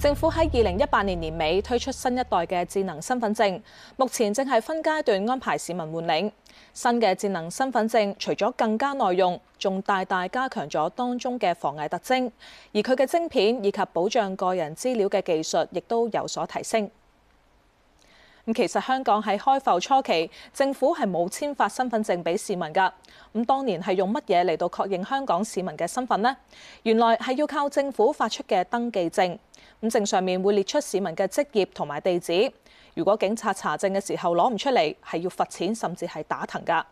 政府喺二零一八年年尾推出新一代嘅智能身份證，目前正係分階段安排市民換領。新嘅智能身份證除咗更加耐用，仲大大加強咗當中嘅防偽特徵，而佢嘅晶片以及保障個人資料嘅技術亦都有所提升。咁其實香港喺開埠初期，政府係冇簽發身份證俾市民㗎。咁當年係用乜嘢嚟到確認香港市民嘅身份呢？原來係要靠政府發出嘅登記證。咁證上面會列出市民嘅職業同埋地址。如果警察查證嘅時候攞唔出嚟，係要罰錢，甚至係打藤㗎。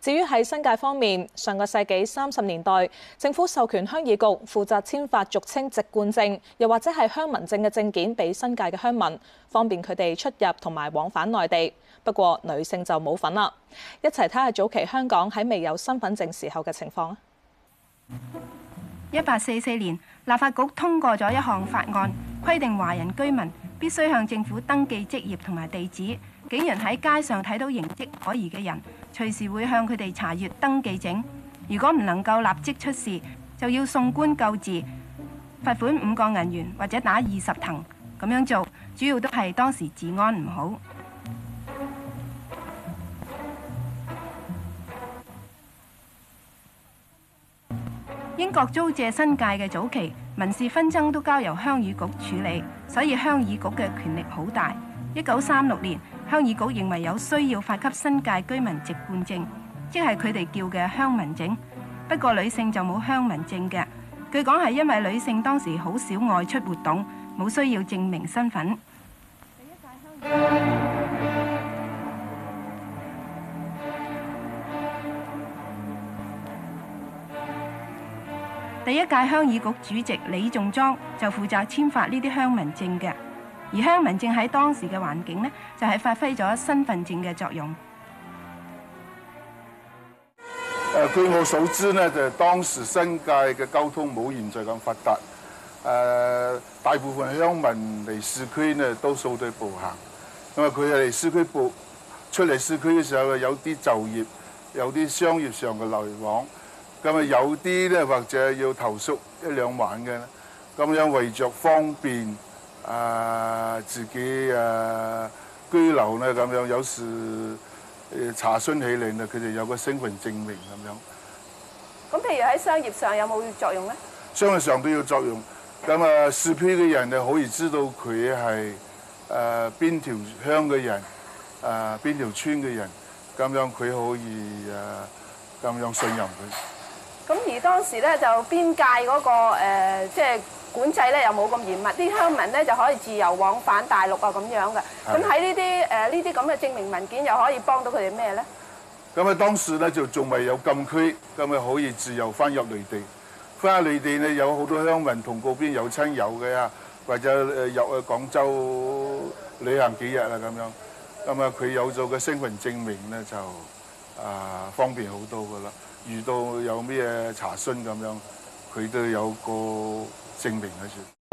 至於喺新界方面，上個世紀三十年代，政府授權鄉議局負責簽發俗稱籍貫證，又或者係鄉民證嘅證件俾新界嘅鄉民，方便佢哋出入同埋往返內地。不過女性就冇份啦。一齊睇下早期香港喺未有身份證時候嘅情況啦。一八四四年，立法局通過咗一項法案，規定華人居民必須向政府登記職業同埋地址。警員喺街上睇到形跡可疑嘅人，隨時會向佢哋查閲登記證，如果唔能夠立即出示，就要送官救治，罰款五個銀元或者打二十藤。咁樣做主要都係當時治安唔好。 英國租借新界嘅早期，民事紛爭都交由鄉議局處理，所以鄉議局嘅權力好大。一九三六年，鄉議局認為有需要發給新界居民籍貫證，即係佢哋叫嘅鄉民證。不過女性就冇鄉民證嘅。據講係因為女性當時好少外出活動，冇需要證明身份。第一屆鄉議局主席李仲莊就負責簽發呢啲鄉民證嘅。而鄉民證喺當時嘅環境咧，就係發揮咗身份證嘅作用。誒、呃、據我所知呢就係當時新界嘅交通冇現在咁發達。誒、呃、大部分鄉民嚟市區咧，都數對步行。咁啊，佢係嚟市區步出嚟市區嘅時候，有啲就業，有啲商業上嘅來往。咁啊，有啲咧或者要投宿一兩晚嘅，咁樣為着方便。啊、呃，自己啊、呃、居留咧咁樣，有時誒查詢起嚟咧，佢哋有個身份證明咁樣。咁譬如喺商業上有冇作用咧？商業上都要作用。咁啊，市區嘅人你可以知道佢係誒邊條鄉嘅人，誒、呃、邊條村嘅人，咁樣佢可以誒咁、呃、樣信任佢。咁而當時咧就邊界嗰個誒即係管制咧又冇咁嚴密，啲鄉民咧就可以自由往返大陸啊咁樣嘅。咁喺呢啲誒呢啲咁嘅證明文件又可以幫到佢哋咩咧？咁喺當時咧就仲未有禁區，咁咪可以自由翻入內地。翻內地咧有好多鄉民同嗰邊有親友嘅啊，或者誒入去廣州旅行幾日啊咁樣。咁啊佢有咗個身份證明咧就。啊，方便好多噶啦。遇到有咩查詢咁樣，佢都有個證明喺處。